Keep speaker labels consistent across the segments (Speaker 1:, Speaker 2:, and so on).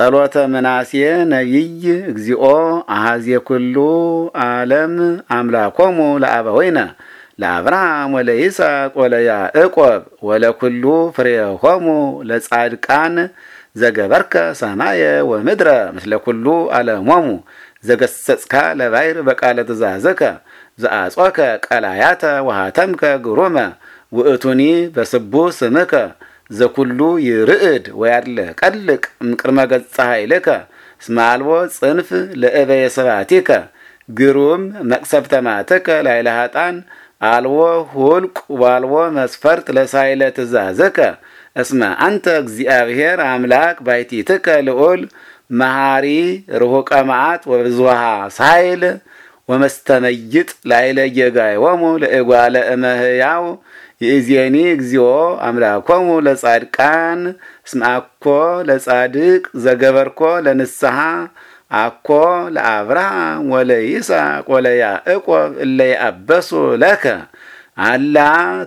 Speaker 1: ጸሎተ ምናሴ ነቢይ እግዚኦ አሃዜ ኩሉ ዓለም አምላኮሙ ለአበወይነ ለአብርሃም ወለይስሐቅ ወለያዕቆብ ወለኩሉ ፍሬሆሙ ለጻድቃን ዘገበርከ ሰማየ ወምድረ ምስለ ኩሉ ዓለሞሙ ዘገሰጽካ ለባይር በቃለ ትእዛዝከ ዘአጾከ ቀላያተ ወሃተምከ ግሩመ ውእቱኒ በስቡ ስምከ ዘኩሉ ይርእድ ወያድለ ቀልቅ እምቅድመ ገጽ ኃይልከ እስመ አልቦ ጽንፍ ለእበየ ስብሐቲከ ግሩም መቅሰፍተ ማእትከ ላይለ ኃጣን አልቦ ሁልቅ ዋልቦ መስፈርት ለሳይለ ትእዛዝከ እስመ አንተ እግዚአብሔር አምላክ ባይቲትከ ልዑል መሃሪ ርሁቀ መዓት ወብዙሃ ሳይል ወመስተመይጥ ላይለ ጌጋዮሙ ለእጓለ እመ ሕያው ይእዜኒ እግዚኦ አምላኮሙ ለጻድቃን እስመ አኮ ለጻድቅ ዘገበርኮ ለንስሓ አኮ ለአብርሃም ወለይስቅ ወለያዕቆብ እለ ይአበሱ ለከ አላ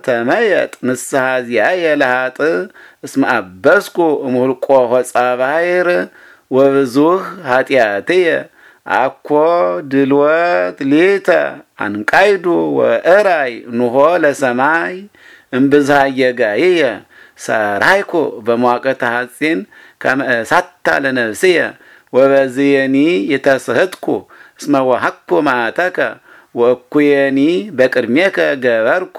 Speaker 1: ተመየጥ ንስሓ ዚአየ ለሃጥ እስመ አበስኩ እምውልቆ ሆጻ ባሕር ወብዙህ ኃጢአትየ አኮ ድልወት ሊተ አንቃይዱ ወእራይ ንሆ ለሰማይ እምብዝሃ የጋይየ ሰራይኩ በመዋቅተ ሐጺን ከመ እሳታ ለነፍስየ ወበዝየኒ የተስህትኩ እስመ ወሀኩ ማዕተከ ወእኩየኒ በቅድሜከ ገበርኩ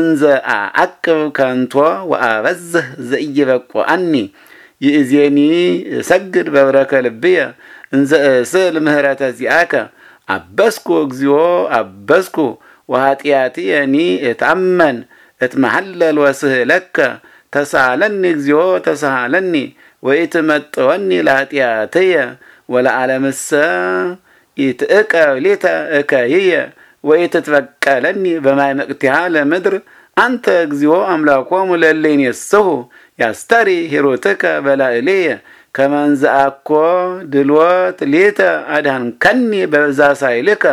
Speaker 1: እንዘ አአቅብ ከንቶ ወአበዝህ ዘእይበቁ አኒ يأذيني سجر ببركة لبيا سل مهرات أزيعك عبسكو اكزيو عبسكو يعني اتعمن اتمحلل وسهلك تسعلني اكزيو تسعلني ويتمطوني لهاتياتي ولا على مسا يتأكا وليتا ليتا أكايا لني بما مقتها لمدر مدر አንተ እግዚኦ አምላኮሙ ለእለይኔሰሁ ያስተሪ ሂሩትከ በላዕሌየ ከመንዝአኮ እንዘአኮ ድሎት ሊተ በዛ ሳይልከ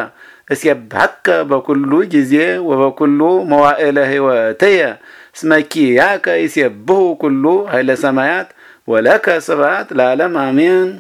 Speaker 1: እስየብሐከ በኩሉ ጊዜ ወበኩሉ መዋዕለ ሕይወትየ እስመ ኪያከ ይሴብሑ ኩሉ ኃይለ ሰማያት ወለከ ስብሐት ለዓለም አሜን።